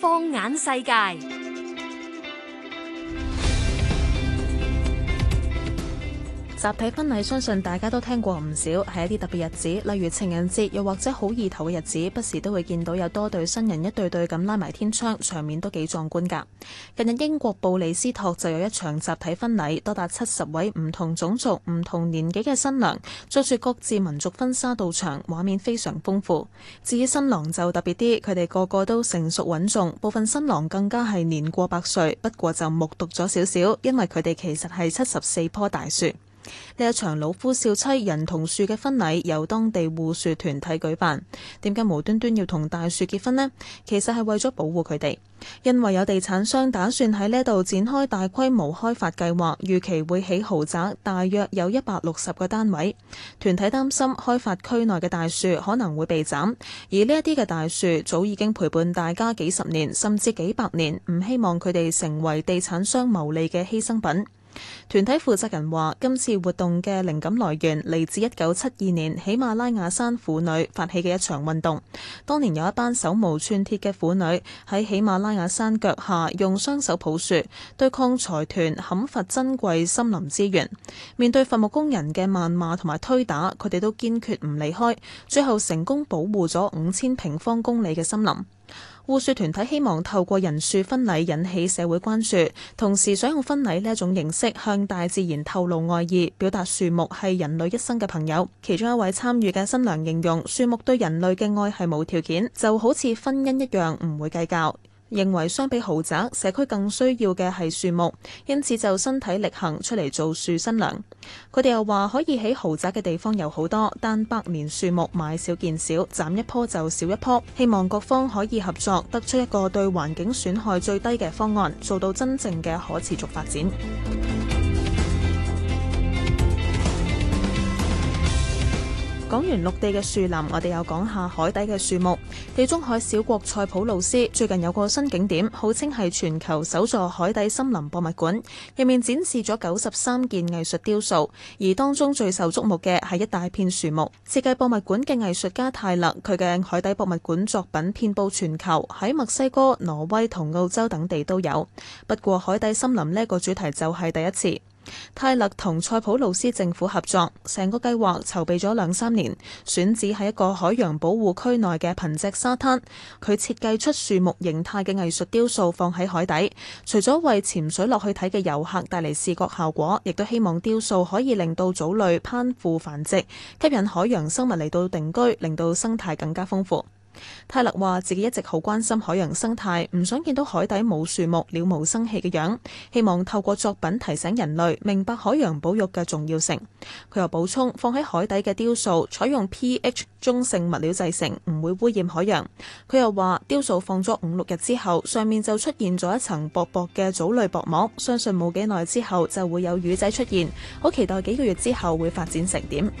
放眼世界。集體婚禮相信大家都聽過唔少，係一啲特別日子，例如情人節，又或者好意頭嘅日子，不時都會見到有多對新人一對對咁拉埋天窗，場面都幾壯觀噶。近日英國布里斯托就有一場集體婚禮，多達七十位唔同種族、唔同年紀嘅新娘着住各自民族婚紗到場，畫面非常豐富。至於新郎就特別啲，佢哋個個都成熟穩重，部分新郎更加係年過百歲，不過就目睹咗少少，因為佢哋其實係七十四棵大樹。呢一場老夫少妻人同樹嘅婚禮由當地護樹團體舉辦。點解無端端要同大樹結婚呢？其實係為咗保護佢哋，因為有地產商打算喺呢度展開大規模開發計劃，預期會起豪宅，大約有一百六十個單位。團體擔心開發區內嘅大樹可能會被斬，而呢一啲嘅大樹早已經陪伴大家幾十年甚至幾百年，唔希望佢哋成為地產商牟利嘅犧牲品。團體負責人話：今次活動嘅靈感來源嚟自一九七二年喜馬拉雅山婦女發起嘅一場運動。當年有一班手無寸鐵嘅婦女喺喜馬拉雅山腳下用雙手抱樹，對抗財團砍伐珍貴森林資源。面對伐木工人嘅謾罵同埋推打，佢哋都堅決唔離開，最後成功保護咗五千平方公里嘅森林。護樹團體希望透過人樹婚禮引起社會關注，同時想用婚禮呢一種形式向大自然透露愛意，表達樹木係人類一生嘅朋友。其中一位參與嘅新娘形容，樹木對人類嘅愛係無條件，就好似婚姻一樣唔會計較。認為相比豪宅，社區更需要嘅係樹木，因此就身體力行出嚟做樹新娘。佢哋又話可以喺豪宅嘅地方有好多，但百年樹木買少見少，斬一棵就少一棵。希望各方可以合作，得出一個對環境損害最低嘅方案，做到真正嘅可持續發展。講完陸地嘅樹林，我哋又講下海底嘅樹木。地中海小國塞浦路斯最近有個新景點，號稱係全球首座海底森林博物館，入面展示咗九十三件藝術雕塑，而當中最受矚目嘅係一大片樹木。設計博物館嘅藝術家泰勒，佢嘅海底博物館作品遍佈全球，喺墨西哥、挪威同澳洲等地都有。不過海底森林呢個主題就係第一次。泰勒同塞浦路斯政府合作，成個計劃籌備咗兩三年，選址喺一個海洋保護區內嘅貧瘠沙灘。佢設計出樹木形態嘅藝術雕塑放喺海底，除咗為潛水落去睇嘅遊客帶嚟視覺效果，亦都希望雕塑可以令到藻類攀附繁殖，吸引海洋生物嚟到定居，令到生態更加豐富。泰勒話：自己一直好關心海洋生態，唔想見到海底冇樹木、了無生氣嘅樣，希望透過作品提醒人類明白海洋保育嘅重要性。佢又補充：放喺海底嘅雕塑採用 pH 中性物料製成，唔會污染海洋。佢又話：雕塑放咗五六日之後，上面就出現咗一層薄薄嘅藻類薄膜，相信冇幾耐之後就會有魚仔出現，好期待幾個月之後會發展成點。